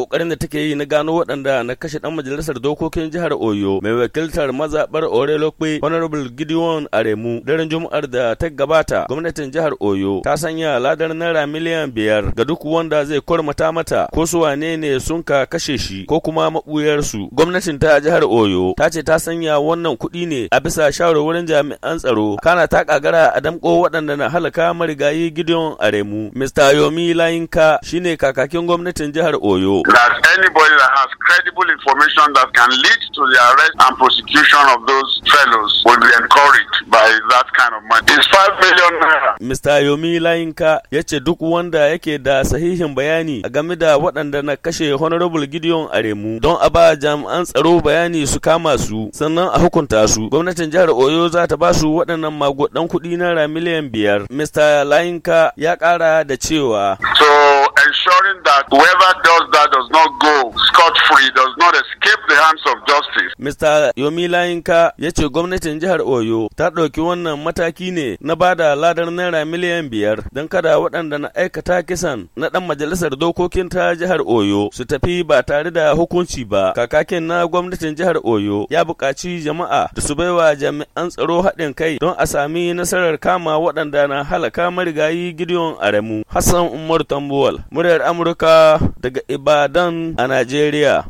kokarin da take yi na gano waɗanda na kashe ɗan majalisar dokokin jihar Oyo mai wakiltar mazaɓar Orelokpe Honorable Gideon Aremu daren Juma'ar da ta gabata gwamnatin jihar Oyo ta sanya ladar naira miliyan biyar ga duk wanda zai kormata mata ko su wane ne sun ka kashe shi ko kuma su. Gwamnatin ta jihar Oyo ta ce ta sanya wannan kuɗi ne a bisa shawarwarin jami'an tsaro kana ta kagara a damko waɗanda na halaka marigayi Gideon Aremu. Mr. Yomi Layinka shine kakakin gwamnatin jihar Oyo. that anybody that has credible information that can lead to the arrest and prosecution of those fellows will be encouraged by that kind of money. It's five million naira. Mr. Yomi Layinka ya ce duk wanda yake da sahihin bayani a game da waɗanda na kashe Honorable Gideon Aremu don a ba jami'an tsaro bayani su kama su sannan a hukunta su. Gwamnatin jihar Oyo za ta ba su waɗannan magudan kuɗi naira miliyan biyar. Mr. Layinka ya ƙara da cewa. So ensuring that whoever does scot free does not escape the hands of justice. Mr. Yomi Layinka ya ce gwamnatin jihar Oyo ta ɗauki wannan mataki ne na ba da ladar naira miliyan biyar don kada waɗanda na aikata kisan na ɗan majalisar dokokin ta jihar Oyo su tafi ba tare da hukunci ba. Kakakin na gwamnatin jihar Oyo ya buƙaci jama'a da su baiwa jami'an tsaro haɗin kai don a sami nasarar kama waɗanda na halaka marigayi Gideon Aremu. Hassan Umar Tambuwal, muryar Amurka daga Ibadan a Najeriya.